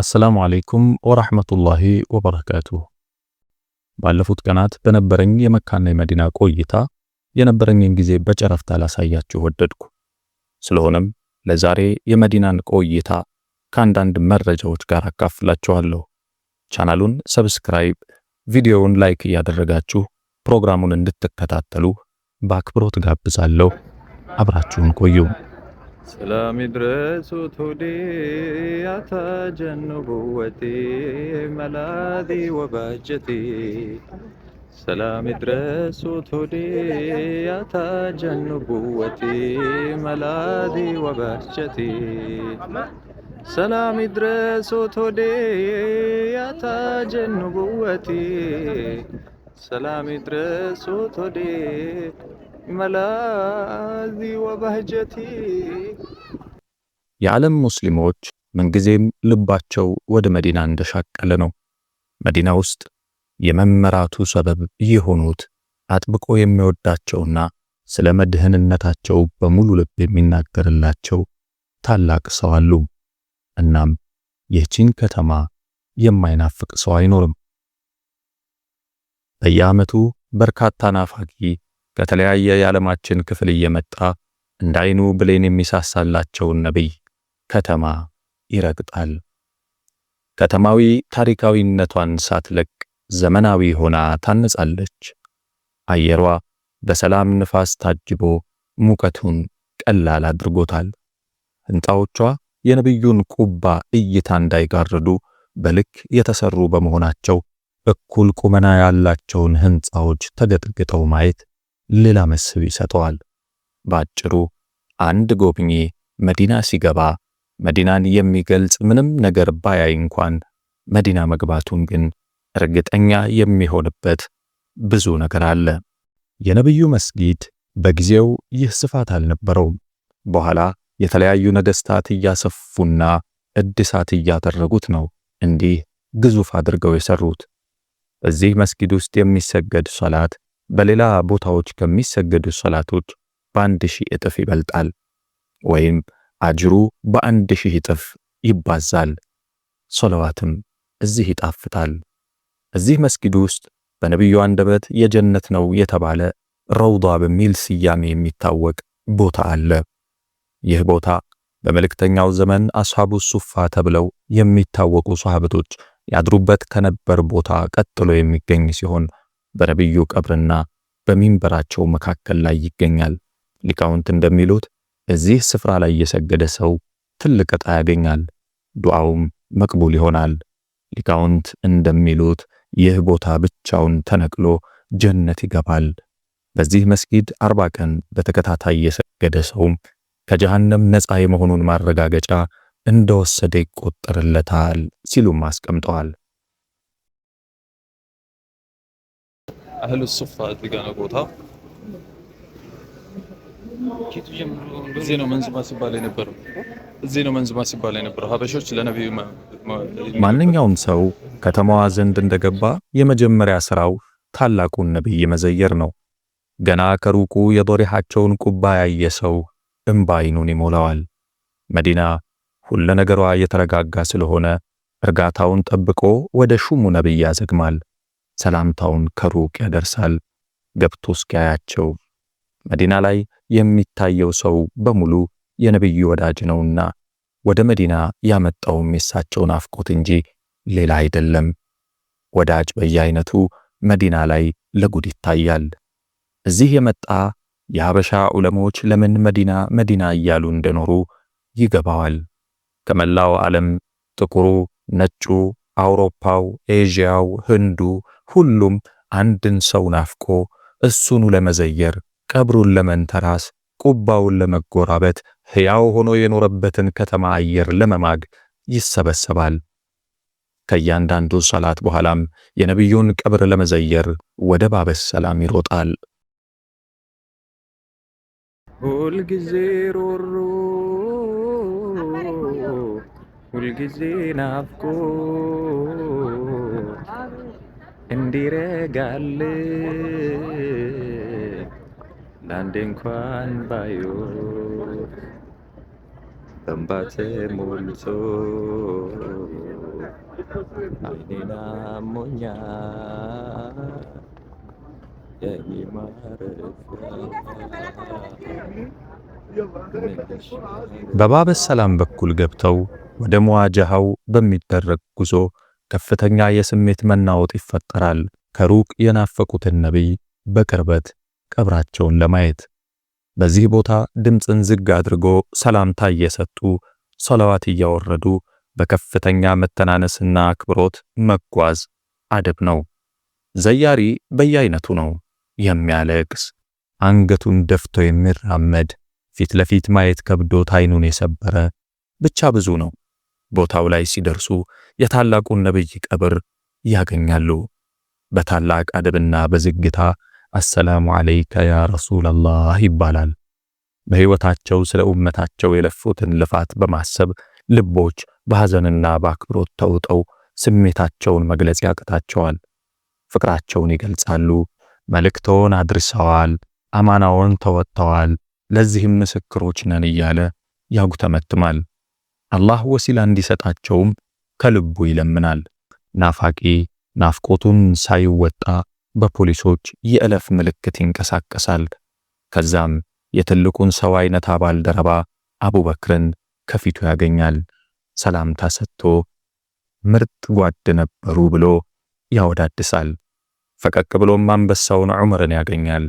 አሰላሙ አለይኩም ወራህመቱላሂ ወበረካቱሁ። ባለፉት ቀናት በነበረኝ የመካና የመዲና ቆይታ የነበረኝን ጊዜ በጨረፍታ ላሳያችሁ ወደድኩ። ስለሆነም ለዛሬ የመዲናን ቆይታ ከአንዳንድ መረጃዎች ጋር አካፍላችኋለሁ። ቻናሉን ሰብስክራይብ፣ ቪዲዮውን ላይክ እያደረጋችሁ ፕሮግራሙን እንድትከታተሉ በአክብሮት ጋብዛለሁ። አብራችሁን ቆዩ። ሰላም ይድረሱት ሁዲ ያተጀንቡ ወቲ መላዲ ወባጀቲ ሰላም ይድረሱት ሁዲ ያተጀንቡ ወቲ መላዲ ወባጀቲ ሰላም ይድረሱት ሁዲ ያተጀንቡ ወቲ ሰላም ይድረሶት ወዴ መላዚ ወባህጀቲ የዓለም ሙስሊሞች ምንጊዜም ልባቸው ወደ መዲና እንደሻቀለ ነው። መዲና ውስጥ የመመራቱ ሰበብ የሆኑት አጥብቆ የሚወዳቸውና ስለ መድህንነታቸው በሙሉ ልብ የሚናገርላቸው ታላቅ ሰው አሉ። እናም ይህችን ከተማ የማይናፍቅ ሰው አይኖርም። በየዓመቱ በርካታ ናፋቂ ከተለያየ የዓለማችን ክፍል እየመጣ እንደ አይኑ ብሌን የሚሳሳላቸውን ነቢይ ከተማ ይረግጣል። ከተማዊ ታሪካዊነቷን ሳትለቅ ዘመናዊ ሆና ታንጻለች። አየሯ በሰላም ንፋስ ታጅቦ ሙቀቱን ቀላል አድርጎታል። ሕንፃዎቿ የነቢዩን ቁባ እይታ እንዳይጋርዱ በልክ የተሰሩ በመሆናቸው እኩል ቁመና ያላቸውን ህንፃዎች ተገጥግጠው ማየት ሌላ መስህብ ይሰጠዋል። በአጭሩ አንድ ጎብኚ መዲና ሲገባ መዲናን የሚገልጽ ምንም ነገር ባያይ እንኳን መዲና መግባቱን ግን እርግጠኛ የሚሆንበት ብዙ ነገር አለ። የነብዩ መስጊድ በጊዜው ይህ ስፋት አልነበረውም። በኋላ የተለያዩ ነገስታት እያሰፉና እድሳት እያደረጉት ነው እንዲህ ግዙፍ አድርገው የሰሩት። በዚህ መስጊድ ውስጥ የሚሰገድ ሶላት በሌላ ቦታዎች ከሚሰገዱ ሶላቶች በአንድ ሺህ እጥፍ ይበልጣል ወይም አጅሩ በአንድ ሺህ እጥፍ ይባዛል። ሶለዋትም እዚህ ይጣፍታል። እዚህ መስጊድ ውስጥ በነቢዩ አንደበት የጀነት ነው የተባለ ረውዷ በሚል ስያሜ የሚታወቅ ቦታ አለ። ይህ ቦታ በመልእክተኛው ዘመን አስሐቡ ሱፋ ተብለው የሚታወቁ ሶሃበቶች ያድሩበት ከነበር ቦታ ቀጥሎ የሚገኝ ሲሆን በነቢዩ ቀብርና በሚንበራቸው መካከል ላይ ይገኛል። ሊቃውንት እንደሚሉት እዚህ ስፍራ ላይ የሰገደ ሰው ትልቅ ዕጣ ያገኛል፣ ዱዓውም መቅቡል ይሆናል። ሊቃውንት እንደሚሉት ይህ ቦታ ብቻውን ተነቅሎ ጀነት ይገባል። በዚህ መስጊድ አርባ ቀን በተከታታይ የሰገደ ሰውም ከጀሃነም ነፃ የመሆኑን ማረጋገጫ እንደወሰደ ይቆጠርለታል ሲሉም አስቀምጠዋል። አህሉ ሱፋ እዚህ ጋር ነው ቦታ እዚህ ነው መንዝማ ሲባል የነበረው። እዚህ ነው መንዝማ ሲባል የነበረው። ሀበሾች ለነቢዩ ማንኛውም ሰው ከተማዋ ዘንድ እንደገባ የመጀመሪያ ስራው ታላቁን ነቢይ መዘየር ነው። ገና ከሩቁ የበሪሃቸውን ቁባ ያየ ሰው እምባ ዓይኑን ይሞላዋል። መዲና ሁለ ነገሯ የተረጋጋ ስለሆነ እርጋታውን ጠብቆ ወደ ሹሙ ነብይ ያዘግማል። ሰላምታውን ከሩቅ ያደርሳል ገብቶ እስኪያያቸው። መዲና ላይ የሚታየው ሰው በሙሉ የነብዩ ወዳጅ ነውና ወደ መዲና ያመጣውም የሳቸውን አፍቆት እንጂ ሌላ አይደለም። ወዳጅ በየአይነቱ መዲና ላይ ለጉድ ይታያል። እዚህ የመጣ የሀበሻ ዑለሞች ለምን መዲና መዲና እያሉ እንደኖሩ ይገባዋል። ከመላው ዓለም ጥቁሩ፣ ነጩ፣ አውሮፓው፣ ኤዥያው፣ ህንዱ ሁሉም አንድን ሰው ናፍቆ እሱኑ ለመዘየር ቀብሩን ለመንተራስ ቁባውን ለመጎራበት ሕያው ሆኖ የኖረበትን ከተማ አየር ለመማግ ይሰበሰባል። ከእያንዳንዱ ሰላት በኋላም የነቢዩን ቀብር ለመዘየር ወደ ባበስ ሰላም ይሮጣል። ሁልጊዜ ሮሮ ሁልጊዜ ናፍቆት እንዲረጋል ለአንዴ እንኳን ባዮ በእንባ ተሞልቶ ዓይኔን አሞኛል በባበሰላም በኩል ገብተው ወደ መዋጀሃው በሚደረግ ጉዞ ከፍተኛ የስሜት መናወጥ ይፈጠራል። ከሩቅ የናፈቁትን ነቢይ በቅርበት ቀብራቸውን ለማየት በዚህ ቦታ ድምፅን ዝግ አድርጎ ሰላምታ እየሰጡ ሰለዋት እያወረዱ በከፍተኛ መተናነስና አክብሮት መጓዝ አደብ ነው። ዘያሪ በየአይነቱ ነው። የሚያለቅስ አንገቱን ደፍቶ የሚራመድ ፊት ለፊት ማየት ከብዶት አይኑን የሰበረ ብቻ ብዙ ነው። ቦታው ላይ ሲደርሱ የታላቁን ነብይ ቀብር ያገኛሉ። በታላቅ አደብና በዝግታ አሰላሙ አለይከ ያ ረሱላላህ ይባላል። በህይወታቸው ስለ ኡመታቸው የለፉትን ልፋት በማሰብ ልቦች በሐዘንና በአክብሮት ተውጠው ስሜታቸውን መግለጽ ያቅታቸዋል። ፍቅራቸውን ይገልጻሉ። መልእክቶን አድርሰዋል፣ አማናውን ተወጥተዋል፣ ለዚህም ምስክሮች ነን እያለ ያጉተመትማል። አላህ ወሲላ እንዲሰጣቸውም ከልቡ ይለምናል። ናፋቂ ናፍቆቱን ሳይወጣ በፖሊሶች የእለፍ ምልክት ይንቀሳቀሳል። ከዛም የትልቁን ሰው አይነት አባል ደረባ አቡበክርን ከፊቱ ያገኛል። ሰላምታ ሰጥቶ ምርጥ ጓድ ነበሩ ብሎ ያወዳድሳል። ፈቀቅ ብሎም አንበሳውን ዑመርን ያገኛል።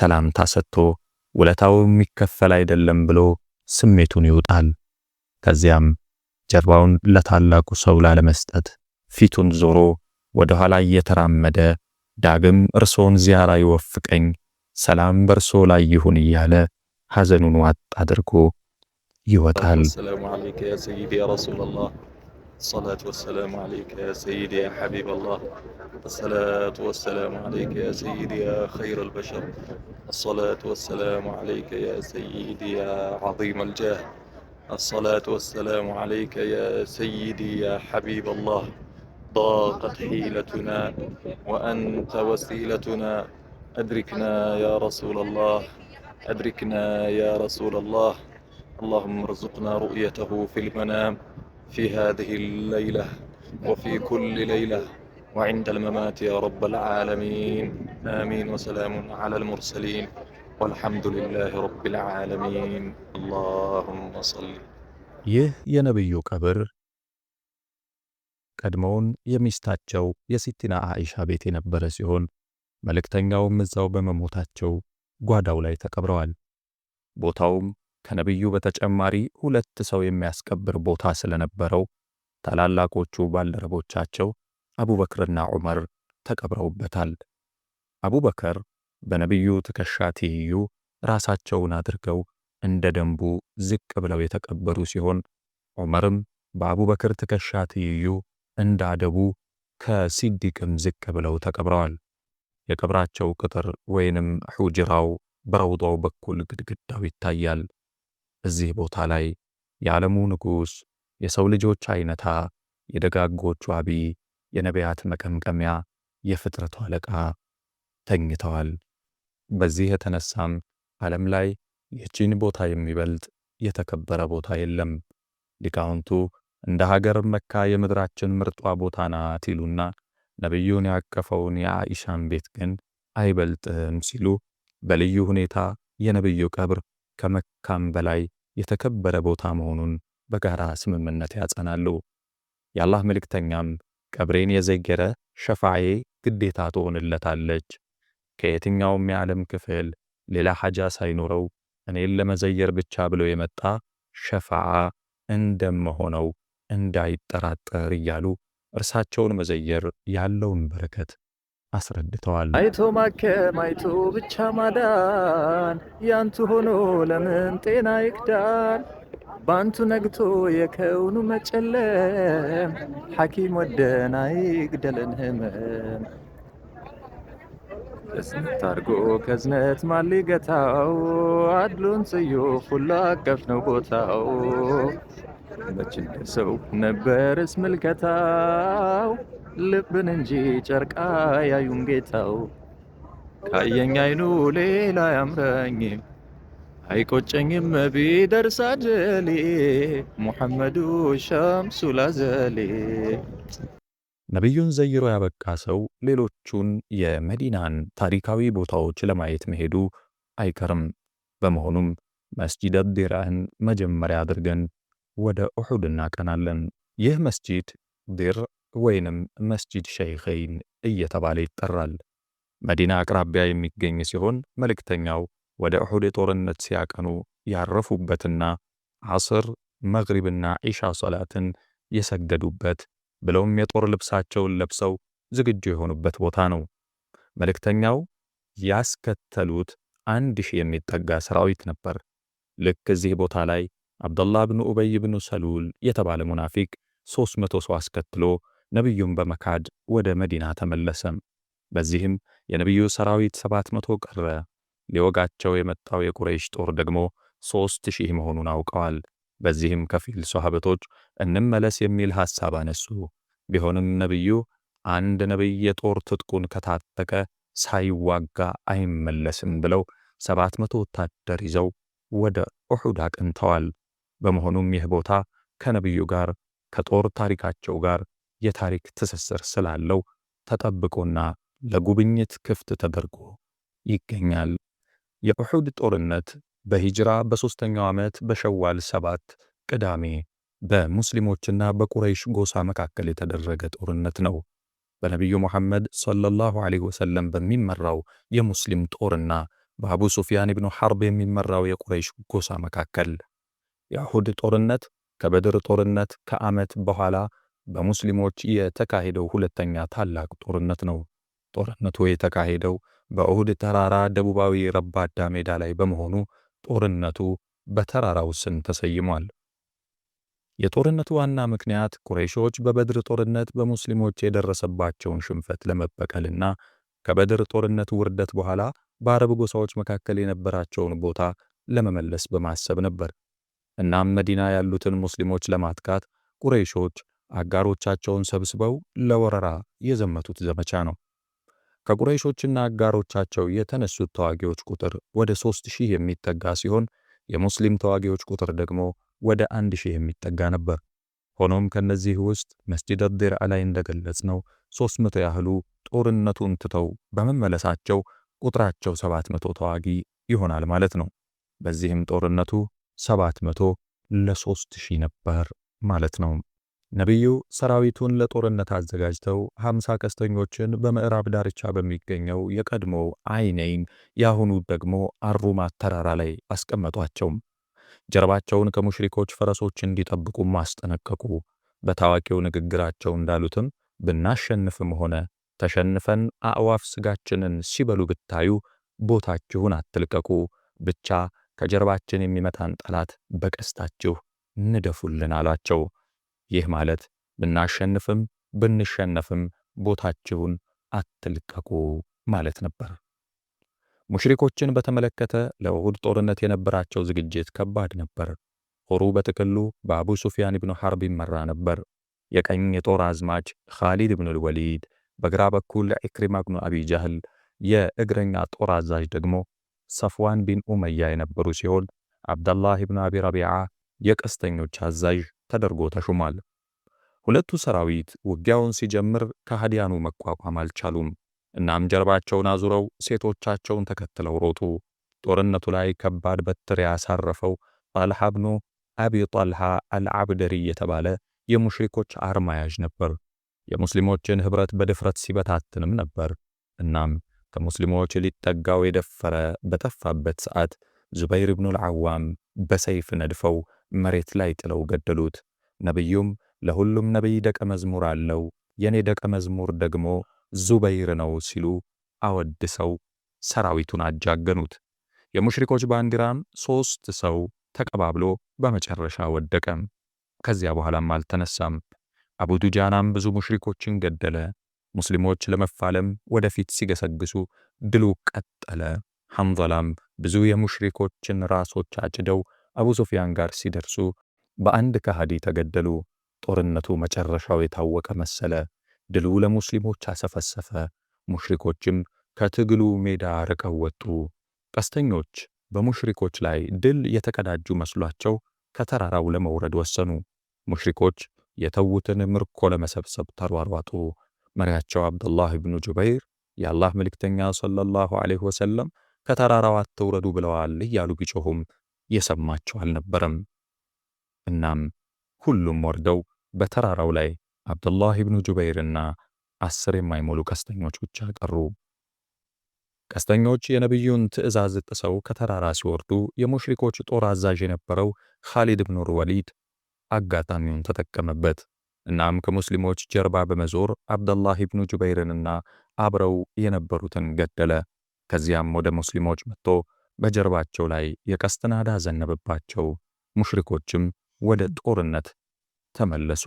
ሰላምታ ሰጥቶ ውለታው የሚከፈል አይደለም ብሎ ስሜቱን ይውጣል። ከዚያም ጀርባውን ለታላቁ ሰው ላለመስጠት ፊቱን ዞሮ ወደ ኋላ እየተራመደ ዳግም እርሶን ዚያራ ይወፍቀኝ፣ ሰላም በእርሶ ላይ ይሁን እያለ ሐዘኑን ዋጥ አድርጎ ይወጣል። ሰላሙ አለይከ ያ ሰይዲ ያ ረሱለላህ ሰላቱ ወሰላሙ አለይከ ያ ሰይዲ ያ ሐቢበላህ ሰላቱ ወሰላሙ አለይከ ያ ሰይዲ ያ ኸይረል በሸር ሰላቱ ወሰላሙ አለይከ ያ ሰይዲ ያ ዐዚመል ጃህ الصلاة والسلام عليك يا سيدي يا حبيب الله ضاقت حيلتنا وأنت وسيلتنا أدركنا يا رسول الله أدركنا يا رسول الله اللهم ارزقنا رؤيته في المنام في هذه الليلة وفي كل ليلة وعند الممات يا رب العالمين آمين وسلام على المرسلين ወልሐምዱ ልላህ ረቢል ዓለሚን አላሁመ ሰሊ። ይህ የነቢዩ ቀብር ቀድሞውን የሚስታቸው የሲቲና አኢሻ ቤት የነበረ ሲሆን መልእክተኛውም እዛው በመሞታቸው ጓዳው ላይ ተቀብረዋል። ቦታውም ከነቢዩ በተጨማሪ ሁለት ሰው የሚያስቀብር ቦታ ስለነበረው ታላላቆቹ ባልደረቦቻቸው አቡበክርና ዑመር ተቀብረውበታል። አቡበክር። በነቢዩ ትከሻ ትይዩ ራሳቸውን አድርገው እንደ ደንቡ ዝቅ ብለው የተቀበሩ ሲሆን ዑመርም በአቡበክር ትከሻ ትይዩ እንደ አደቡ ከሲዲቅም ዝቅ ብለው ተቀብረዋል። የቀብራቸው ቅጥር ወይንም ሑጅራው በረውዳው በኩል ግድግዳው ይታያል። እዚህ ቦታ ላይ የዓለሙ ንጉሥ፣ የሰው ልጆች አይነታ፣ የደጋጎቹ አቢ፣ የነቢያት መቀምቀሚያ፣ የፍጥረቱ አለቃ ተኝተዋል። በዚህ የተነሳም ዓለም ላይ የቺን ቦታ የሚበልጥ የተከበረ ቦታ የለም። ሊቃውንቱ እንደ ሀገር መካ የምድራችን ምርጧ ቦታ ናት ይሉና ነቢዩን ያቀፈውን የአኢሻን ቤት ግን አይበልጥም ሲሉ በልዩ ሁኔታ የነቢዩ ቀብር ከመካም በላይ የተከበረ ቦታ መሆኑን በጋራ ስምምነት ያጸናሉ። የአላህ መልእክተኛም ቀብሬን የዘገረ ሸፋዬ ግዴታ ትሆንለታለች ከየትኛውም የዓለም ክፍል ሌላ ሐጃ ሳይኖረው እኔን ለመዘየር ብቻ ብሎ የመጣ ሸፋዓ እንደመሆነው እንዳይጠራጠር እያሉ እርሳቸውን መዘየር ያለውን በረከት አስረድተዋል። አይቶ ማከም አይቶ ብቻ ማዳን ያንቱ ሆኖ ለምን ጤና ይክዳል? ባንቱ ነግቶ የከውኑ መጨለም ሐኪም ወደና ይግደለን ህመም በስንት ከዝነት ማሊገታው አድሉን ጽዮ ስዩም ሁሉ አቀፍ ነው ቦታው። መችን ሰው ነበርስ ምልከታው? ልብን እንጂ ጨርቃ ያዩን ጌታው። ካየኝ አይኑ ሌላ አያምረኝም፣ አይቆጨኝም ቢደርስ አጀሌ ሙሐመዱ ሸምሱል ነቢዩን ዘይሮ ያበቃ ሰው ሌሎቹን የመዲናን ታሪካዊ ቦታዎች ለማየት መሄዱ አይቀርም። በመሆኑም መስጂድ ዲራህን መጀመሪያ አድርገን ወደ ኡሑድ እናቀናለን። ይህ መስጂድ ዲር ወይንም መስጂድ ሸይኸይን እየተባለ ይጠራል። መዲና አቅራቢያ የሚገኝ ሲሆን መልእክተኛው ወደ ኡሑድ ጦርነት ሲያቀኑ ያረፉበትና ዐስር፣ መግሪብና ዒሻ ሰላትን የሰገዱበት ብለውም የጦር ልብሳቸውን ለብሰው ዝግጁ የሆኑበት ቦታ ነው። መልእክተኛው ያስከተሉት አንድ ሺህ የሚጠጋ ሰራዊት ነበር። ልክ እዚህ ቦታ ላይ አብደላህ ብኑ ኡበይ ብኑ ሰሉል የተባለ ሙናፊቅ 300 ሰው አስከትሎ ነቢዩን በመካድ ወደ መዲና ተመለሰም። በዚህም የነቢዩ ሰራዊት 700 ቀረ። ሊወጋቸው የመጣው የቁረይሽ ጦር ደግሞ ሶስት ሺህ መሆኑን አውቀዋል። በዚህም ከፊል ሶሐበቶች እንመለስ የሚል ሐሳብ አነሱ። ቢሆንም ነቢዩ አንድ ነቢይ የጦር ትጥቁን ከታጠቀ ሳይዋጋ አይመለስም ብለው ሰባት መቶ ወታደር ይዘው ወደ ኡሑድ አቅንተዋል። በመሆኑም ይህ ቦታ ከነቢዩ ጋር ከጦር ታሪካቸው ጋር የታሪክ ትስስር ስላለው ተጠብቆና ለጉብኝት ክፍት ተደርጎ ይገኛል። የኡሑድ ጦርነት በሂጅራ በሦስተኛው ዓመት በሸዋል ሰባት ቅዳሜ በሙስሊሞችና በቁረይሽ ጎሳ መካከል የተደረገ ጦርነት ነው። በነቢዩ ሙሐመድ ሰለላሁ ዐለይሂ ወሰለም በሚመራው የሙስሊም ጦርና በአቡ ሱፊያን ኢብኑ ሐርብ የሚመራው የቁረይሽ ጎሳ መካከል የአሁድ ጦርነት ከበድር ጦርነት ከዓመት በኋላ በሙስሊሞች የተካሄደው ሁለተኛ ታላቅ ጦርነት ነው። ጦርነቱ የተካሄደው በእሁድ ተራራ ደቡባዊ ረባዳ ሜዳ ላይ በመሆኑ ጦርነቱ በተራራው ስም ተሰይሟል። የጦርነቱ ዋና ምክንያት ቁረይሾች በበድር ጦርነት በሙስሊሞች የደረሰባቸውን ሽንፈት ለመበቀልና ከበድር ጦርነት ውርደት በኋላ በአረብ ጎሳዎች መካከል የነበራቸውን ቦታ ለመመለስ በማሰብ ነበር። እናም መዲና ያሉትን ሙስሊሞች ለማጥቃት ቁረይሾች አጋሮቻቸውን ሰብስበው ለወረራ የዘመቱት ዘመቻ ነው። ከቁረይሾችና አጋሮቻቸው የተነሱት ተዋጊዎች ቁጥር ወደ 3000 የሚጠጋ ሲሆን የሙስሊም ተዋጊዎች ቁጥር ደግሞ ወደ 1000 የሚጠጋ ነበር። ሆኖም ከነዚህ ውስጥ መስጂድ ዲርአ ላይ እንደገለጽ ነው 300 ያህሉ ጦርነቱን ትተው በመመለሳቸው ቁጥራቸው 700 ተዋጊ ይሆናል ማለት ነው። በዚህም ጦርነቱ 700 ለ3000 ነበር ማለት ነው። ነቢዩ ሰራዊቱን ለጦርነት አዘጋጅተው ሀምሳ ቀስተኞችን በምዕራብ ዳርቻ በሚገኘው የቀድሞ አይነይን የአሁኑ ደግሞ አሩማት ተራራ ላይ አስቀመጧቸው። ጀርባቸውን ከሙሽሪኮች ፈረሶች እንዲጠብቁም አስጠነቀቁ። በታዋቂው ንግግራቸው እንዳሉትም ብናሸንፍም ሆነ ተሸንፈን አእዋፍ ስጋችንን ሲበሉ ብታዩ ቦታችሁን አትልቀቁ፣ ብቻ ከጀርባችን የሚመታን ጠላት በቀስታችሁ ንደፉልን አሏቸው። ይህ ማለት ብናሸንፍም ብንሸነፍም ቦታችሁን አትልቀቁ ማለት ነበር። ሙሽሪኮችን በተመለከተ ለውሁድ ጦርነት የነበራቸው ዝግጅት ከባድ ነበር። ጦሩ በጥቅሉ በአቡ ሱፊያን ብኑ ሐርብ ይመራ ነበር። የቀኝ የጦር አዝማች ኻሊድ ብኑ ልወሊድ፣ በግራ በኩል ኢክሪማ ብኑ አቢ ጃህል፣ የእግረኛ ጦር አዛዥ ደግሞ ሰፍዋን ቢን ኡመያ የነበሩ ሲሆን አብደላህ ብኑ አቢ ረቢዓ የቀስተኞች አዛዥ ተደርጎ ተሹሟል። ሁለቱ ሰራዊት ውጊያውን ሲጀምር ከሃዲያኑ መቋቋም አልቻሉም። እናም ጀርባቸውን አዙረው ሴቶቻቸውን ተከትለው ሮጡ። ጦርነቱ ላይ ከባድ በትር ያሳረፈው ጣልሃ ብኑ አቢ ጣልሃ አልዓብደሪ የተባለ የሙሽሪኮች አርማ ያዥ ነበር። የሙስሊሞችን ኅብረት በድፍረት ሲበታትንም ነበር። እናም ከሙስሊሞች ሊጠጋው የደፈረ በጠፋበት ሰዓት ዙበይር ብኑ ልዓዋም በሰይፍ ነድፈው መሬት ላይ ጥለው ገደሉት። ነቢዩም ለሁሉም ነቢይ ደቀ መዝሙር አለው፣ የኔ ደቀ መዝሙር ደግሞ ዙበይር ነው ሲሉ አወድሰው ሰራዊቱን አጃገኑት። የሙሽሪኮች ባንዲራም ሶስት ሰው ተቀባብሎ በመጨረሻ ወደቀ። ከዚያ በኋላም አልተነሳም። አቡ ዱጃናም ብዙ ሙሽሪኮችን ገደለ። ሙስሊሞች ለመፋለም ወደፊት ሲገሰግሱ ድሉ ቀጠለ። ሐንዘላም ብዙ የሙሽሪኮችን ራሶች አጭደው አቡ ሱፊያን ጋር ሲደርሱ በአንድ ከሃዲ ተገደሉ። ጦርነቱ መጨረሻው የታወቀ መሰለ። ድሉ ለሙስሊሞች አሰፈሰፈ። ሙሽሪኮችም ከትግሉ ሜዳ ርቀው ወጡ። ቀስተኞች በሙሽሪኮች ላይ ድል የተቀዳጁ መስሏቸው ከተራራው ለመውረድ ወሰኑ። ሙሽሪኮች የተዉትን ምርኮ ለመሰብሰብ ተሯሯጡ። መሪያቸው አብዱላህ ብኑ ጁበይር የአላህ መልእክተኛ ሰለላሁ ዐለይሂ ወሰለም ከተራራው አትውረዱ ብለዋል እያሉ ቢጮሁም የሰማቸው አልነበረም። እናም ሁሉም ወርደው በተራራው ላይ አብዱላህ ኢብኑ ጁበይርና አስር የማይሞሉ ቀስተኞች ብቻ ቀሩ። ቀስተኞች የነቢዩን ትእዛዝ ጥሰው ከተራራ ሲወርዱ የሙሽሪኮች ጦር አዛዥ የነበረው ኻሊድ ብኑ ወሊድ አጋጣሚውን ተጠቀመበት። እናም ከሙስሊሞች ጀርባ በመዞር አብደላህ ኢብኑ ጁበይርንና አብረው የነበሩትን ገደለ። ከዚያም ወደ ሙስሊሞች መጥቶ በጀርባቸው ላይ የቀስት ናዳ ዘነበባቸው። ሙሽሪኮችም ወደ ጦርነት ተመለሱ።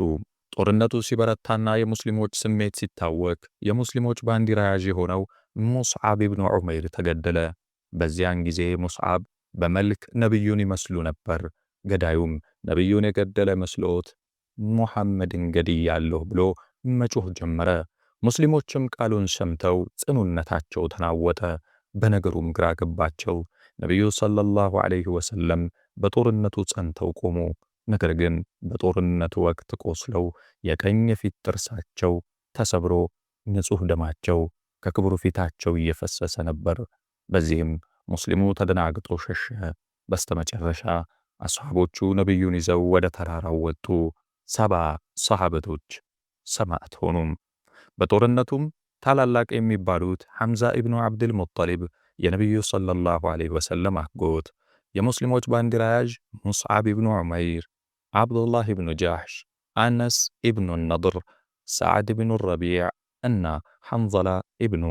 ጦርነቱ ሲበረታና የሙስሊሞች ስሜት ሲታወክ የሙስሊሞች ባንዲራ ያዥ የሆነው ሙስዓብ ኢብኑ ዑመይር ተገደለ። በዚያን ጊዜ ሙስዓብ በመልክ ነቢዩን ይመስሉ ነበር። ገዳዩም ነቢዩን የገደለ መስሎት ሙሐመድን ገድያለሁ ብሎ መጮህ ጀመረ። ሙስሊሞችም ቃሉን ሰምተው ጽኑነታቸው ተናወጠ። በነገሩም ግራ ገባቸው። ነቢዩ ሰለላሁ ዐለይሂ ወሰለም በጦርነቱ ጸንተው ቆሙ። ነገር ግን በጦርነቱ ወቅት ቆስለው የቀኝ ፊት ጥርሳቸው ተሰብሮ ንጹሕ ደማቸው ከክብሩ ፊታቸው እየፈሰሰ ነበር። በዚህም ሙስሊሙ ተደናግጦ ሸሸ። በስተመጨረሻ አስሐቦቹ ነቢዩን ይዘው ወደ ተራራው ወጡ። ሰባ ሰሐበቶች ሰማዕት ሆኑም። በጦርነቱም ታላላቅ የሚባሉት ሐምዛ ኢብኑ ዓብድል ሙጠሊብ የነቢዩ ሰለላሁ ዐለይሂ ወሰለም አጎት፣ የሙስሊሞች ባንዲራ ያዥ ሙስዓብ ኢብኑ ዑመይር፣ ዓብዱላህ ኢብኑ ጃሕሽ፣ አነስ ኢብኑ ነድር፣ ሰዓድ ኢብኑ ረቢዕ እና ሐንዘላ ኢብኑ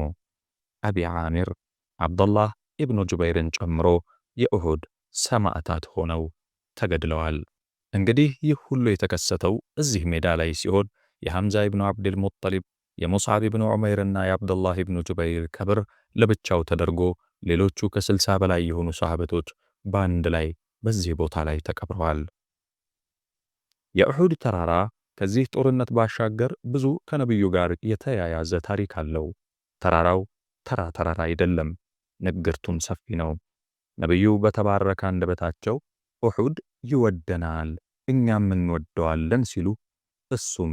አቢ ዓሚር ዓብዱላህ ኢብኑ ጁበይርን ጨምሮ የኡሁድ ሰማዕታት ሆነው ተገድለዋል። እንግዲህ ይህ ሁሉ የተከሰተው እዚህ ሜዳ ላይ ሲሆን የሐምዛ ኢብኑ ዓብድል ሙጠሊብ የሙስዓብ ዑመይር ዑመይርና የአብዱላህ ብኑ ጁበይር ከብር ለብቻው ተደርጎ ሌሎቹ ከስልሳ በላይ የሆኑ ሰሃበቶች በአንድ ላይ በዚህ ቦታ ላይ ተቀብረዋል። የእሑድ ተራራ ከዚህ ጦርነት ባሻገር ብዙ ከነቢዩ ጋር የተያያዘ ታሪክ አለው። ተራራው ተራ ተራራ አይደለም፣ ንግርቱም ሰፊ ነው። ነቢዩ በተባረከ አንደበታቸው እሑድ ይወደናል እኛም እንወደዋለን ሲሉ እሱም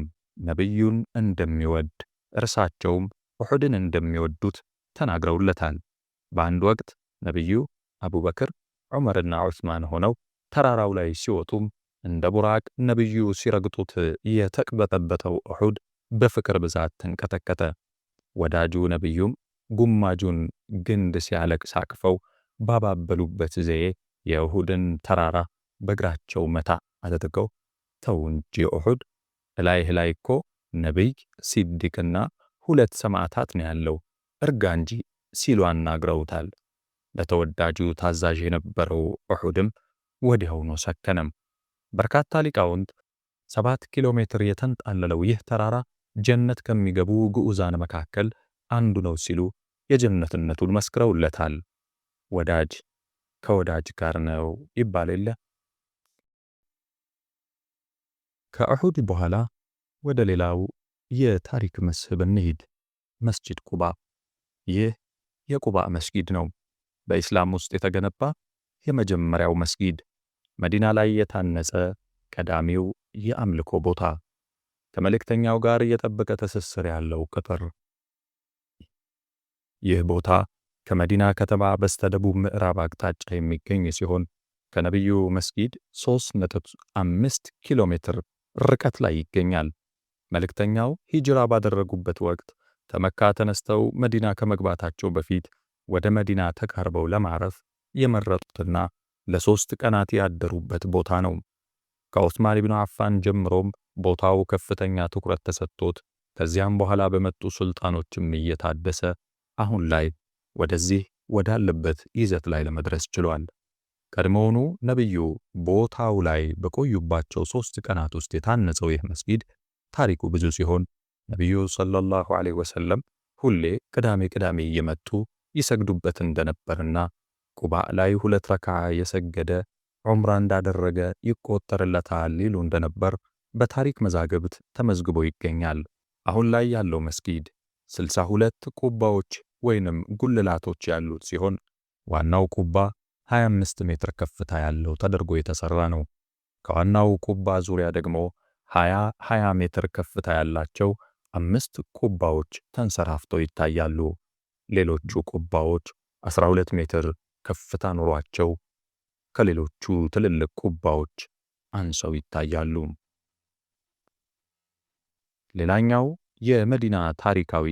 ነቢዩን እንደሚወድ እርሳቸውም ኡሑድን እንደሚወዱት ተናግረውለታል። በአንድ ወቅት ነቢዩ አቡበክር፣ ዑመርና ዑስማን ሆነው ተራራው ላይ ሲወጡም እንደ ቡራቅ ነቢዩ ሲረግጡት የተቅበጠበጠው ኡሑድ በፍቅር ብዛት ተንቀጠቀጠ። ወዳጁ ነቢዩም ጉማጁን ግንድ ሲያለቅስ አቅፈው ባባበሉበት ዘዬ የኡሑድን ተራራ በእግራቸው መታ አድርገው ተው እንጂ ኡሑድ እላይህ ላይ እኮ ነቢይ ሲድቅና ሁለት ሰማዕታት ነው ያለው እርጋ እንጂ ሲሉ አናግረውታል። ለተወዳጁ ታዛዥ የነበረው ኡሑድም ወዲያውኑ ሰከነም። በርካታ ሊቃውንት ሰባት ኪሎ ሜትር የተንጣለለው ይህ ተራራ ጀነት ከሚገቡ ግዑዛን መካከል አንዱ ነው ሲሉ የጀነትነቱን መስክረውለታል። ወዳጅ ከወዳጅ ጋር ነው ይባል የለ። ከእሑድ በኋላ ወደ ሌላው የታሪክ መስህብ እንሂድ። መስጂድ ቁባ። ይህ የቁባ መስጊድ ነው። በኢስላም ውስጥ የተገነባ የመጀመሪያው መስጊድ፣ መዲና ላይ የታነጸ ቀዳሚው የአምልኮ ቦታ፣ ከመልእክተኛው ጋር የጠበቀ ትስስር ያለው ቅጥር። ይህ ቦታ ከመዲና ከተማ በስተደቡብ ምዕራብ አቅጣጫ የሚገኝ ሲሆን ከነቢዩ መስጊድ 3.5 ኪሎ ሜትር ርቀት ላይ ይገኛል። መልእክተኛው ሂጅራ ባደረጉበት ወቅት ከመካ ተነስተው መዲና ከመግባታቸው በፊት ወደ መዲና ተቃርበው ለማረፍ የመረጡትና ለሶስት ቀናት ያደሩበት ቦታ ነው። ከዑስማን ኢብኑ አፋን ጀምሮም ቦታው ከፍተኛ ትኩረት ተሰጥቶት ከዚያም በኋላ በመጡ ሱልጣኖችም እየታደሰ አሁን ላይ ወደዚህ ወዳለበት ይዘት ላይ ለመድረስ ችሏል። ቀድሞውኑ ነቢዩ ቦታው ላይ በቆዩባቸው ሶስት ቀናት ውስጥ የታነጸው ይህ መስጊድ ታሪኩ ብዙ ሲሆን ነቢዩ ሰለላሁ ዐለይሂ ወሰለም ሁሌ ቅዳሜ ቅዳሜ እየመጡ ይሰግዱበት እንደነበርና ቁባ ላይ ሁለት ረክዓ የሰገደ ዑምራ እንዳደረገ ይቆጠርለታል ይሉ እንደነበር በታሪክ መዛግብት ተመዝግቦ ይገኛል። አሁን ላይ ያለው መስጊድ ስልሳ ሁለት ቁባዎች ወይንም ጉልላቶች ያሉት ሲሆን ዋናው ቁባ 25 ሜትር ከፍታ ያለው ተደርጎ የተሰራ ነው። ከዋናው ቁባ ዙሪያ ደግሞ 20 20 ሜትር ከፍታ ያላቸው አምስት ቁባዎች ተንሰራፍተው ይታያሉ። ሌሎቹ ቁባዎች 12 ሜትር ከፍታ ኑሯቸው ከሌሎቹ ትልልቅ ቁባዎች አንሰው ይታያሉ። ሌላኛው የመዲና ታሪካዊ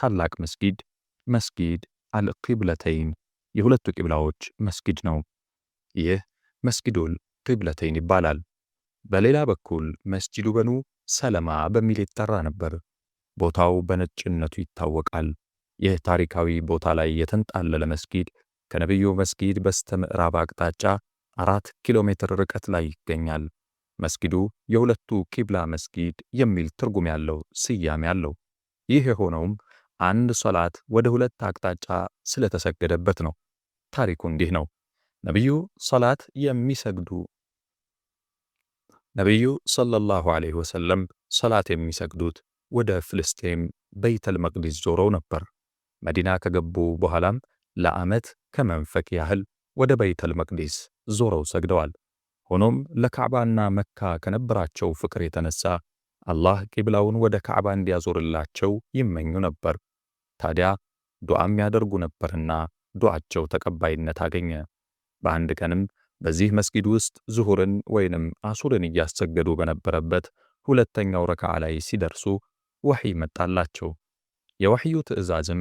ታላቅ መስጊድ መስጊድ አልቂብለተይን የሁለቱ ቂብላዎች መስጊድ ነው። ይህ መስጊዱል ቂብለተይን ይባላል። በሌላ በኩል መስጂዱ በኑ ሰለማ በሚል ይጠራ ነበር። ቦታው በነጭነቱ ይታወቃል። ይህ ታሪካዊ ቦታ ላይ የተንጣለለ መስጊድ ከነቢዩ መስጊድ በስተ ምዕራብ አቅጣጫ አራት ኪሎ ሜትር ርቀት ላይ ይገኛል። መስጊዱ የሁለቱ ኪብላ መስጊድ የሚል ትርጉም ያለው ስያሜ አለው። ይህ የሆነውም አንድ ሶላት ወደ ሁለት አቅጣጫ ስለተሰገደበት ነው። ታሪኩ እንዲህ ነው። ነቢዩ ሶላት የሚሰግዱ ነቢዩ ሰለላሁ ዐለይሂ ወሰለም ሰላት የሚሰግዱት ወደ ፍልስጤም በይተል መቅዲስ ዞረው ነበር። መዲና ከገቡ በኋላም ለዓመት ከመንፈቅ ያህል ወደ በይተል መቅዲስ ዞረው ሰግደዋል። ሆኖም ለካዕባና መካ ከነበራቸው ፍቅር የተነሳ አላህ ቂብላውን ወደ ካዕባ እንዲያዞርላቸው ይመኙ ነበር። ታዲያ ዱዓም ያደርጉ ነበርና ዱዓቸው ተቀባይነት አገኘ። በአንድ ቀንም በዚህ መስጊድ ውስጥ ዙሁርን ወይንም አሱርን እያስሰገዱ በነበረበት ሁለተኛው ረክዓ ላይ ሲደርሱ ወሕይ መጣላቸው። የወሕዩ ትእዛዝም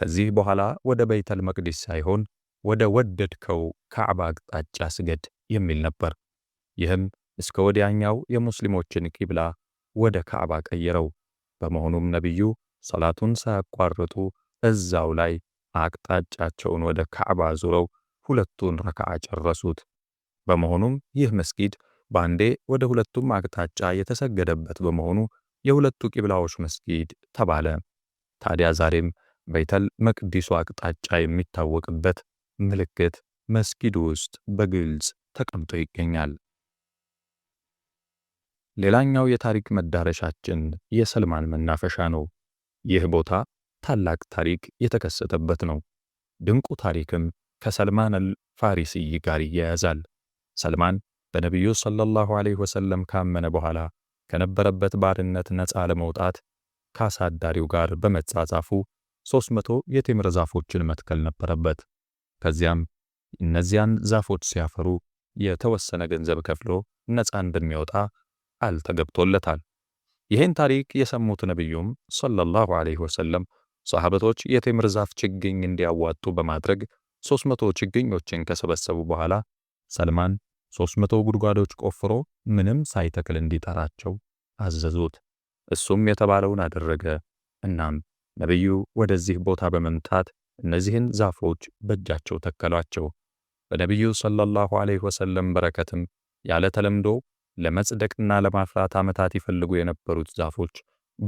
ከዚህ በኋላ ወደ በይተል መቅዲስ ሳይሆን ወደ ወደድከው ካዕባ አቅጣጫ ስገድ የሚል ነበር። ይህም እስከ ወዲያኛው የሙስሊሞችን ቂብላ ወደ ካዕባ ቀየረው። በመሆኑም ነቢዩ ሰላቱን ሳያቋርጡ እዛው ላይ አቅጣጫቸውን ወደ ካዕባ ዙረው ሁለቱን ረክዓ ጨረሱት። በመሆኑም ይህ መስጊድ ባንዴ ወደ ሁለቱም አቅጣጫ የተሰገደበት በመሆኑ የሁለቱ ቂብላዎች መስጊድ ተባለ። ታዲያ ዛሬም በይተል መቅዲሱ አቅጣጫ የሚታወቅበት ምልክት መስጊድ ውስጥ በግልጽ ተቀምጦ ይገኛል። ሌላኛው የታሪክ መዳረሻችን የሰልማን መናፈሻ ነው። ይህ ቦታ ታላቅ ታሪክ የተከሰተበት ነው። ድንቁ ታሪክም ከሰልማን አልፋሪሲ ጋር ይያያዛል። ሰልማን በነቢዩ ሰለላሁ ዐለይሂ ወሰለም ካመነ በኋላ ከነበረበት ባርነት ነፃ ለመውጣት ካሳዳሪው ጋር በመጻጻፉ 300 የቴምር ዛፎችን መትከል ነበረበት። ከዚያም እነዚያን ዛፎች ሲያፈሩ የተወሰነ ገንዘብ ከፍሎ ነፃ እንደሚወጣ ቃል ተገብቶለታል። ይህን ታሪክ የሰሙት ነቢዩም ሰለላሁ ዐለይሂ ወሰለም ሰሃበቶች የቴምር ዛፍ ችግኝ እንዲያዋጡ በማድረግ 300 ችግኞችን ከሰበሰቡ በኋላ ሰልማን 300 ጉድጓዶች ቆፍሮ ምንም ሳይተክል እንዲጠራቸው አዘዙት። እሱም የተባለውን አደረገ። እናም ነቢዩ ወደዚህ ቦታ በመምታት እነዚህን ዛፎች በእጃቸው ተከሏቸው። በነቢዩ ሰለላሁ ዐለይሂ ወሰለም በረከትም ያለ ተለምዶ ለመጽደቅና ለማፍራት ዓመታት ይፈልጉ የነበሩት ዛፎች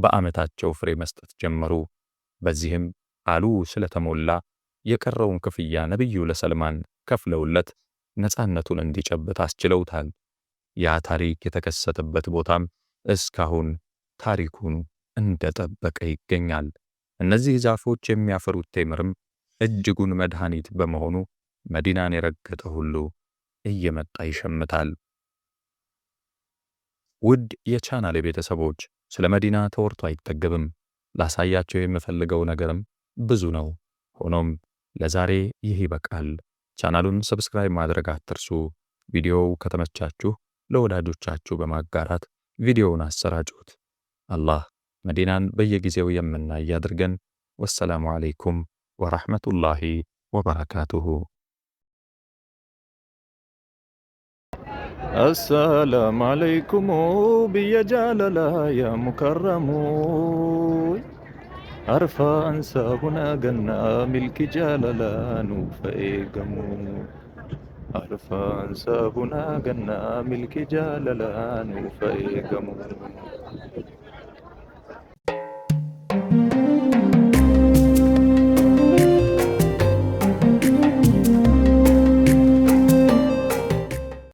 በዓመታቸው ፍሬ መስጠት ጀመሩ። በዚህም አሉ ስለተሞላ የቀረውን ክፍያ ነቢዩ ለሰልማን ከፍለውለት ነፃነቱን እንዲጨብጥ አስችለውታል። ያ ታሪክ የተከሰተበት ቦታም እስካሁን ታሪኩን እንደጠበቀ ይገኛል። እነዚህ ዛፎች የሚያፈሩት ቴምርም እጅጉን መድኃኒት በመሆኑ መዲናን የረገጠ ሁሉ እየመጣ ይሸምታል። ውድ የቻናል ቤተሰቦች ስለ መዲና ተወርቶ አይጠገብም። ላሳያቸው የምፈልገው ነገርም ብዙ ነው። ሆኖም ለዛሬ ይህ ይበቃል። ቻናሉን ሰብስክራይብ ማድረግ አትርሱ። ቪዲዮው ከተመቻችሁ ለወዳጆቻችሁ በማጋራት ቪዲዮውን አሰራጩት። አላህ መዲናን በየጊዜው የምናይ ያድርገን። ወሰላሙ ዓለይኩም ወራህመቱላሂ ወበረካቱሁ። አሰላሙ ዓለይኩም ብየጃለላ ሙከረሙ። عرفا أنسى هنا قنا ملك جال لا نوفيقمو عرفا أنسى هنا قنا ملك جال لا نوفيقمو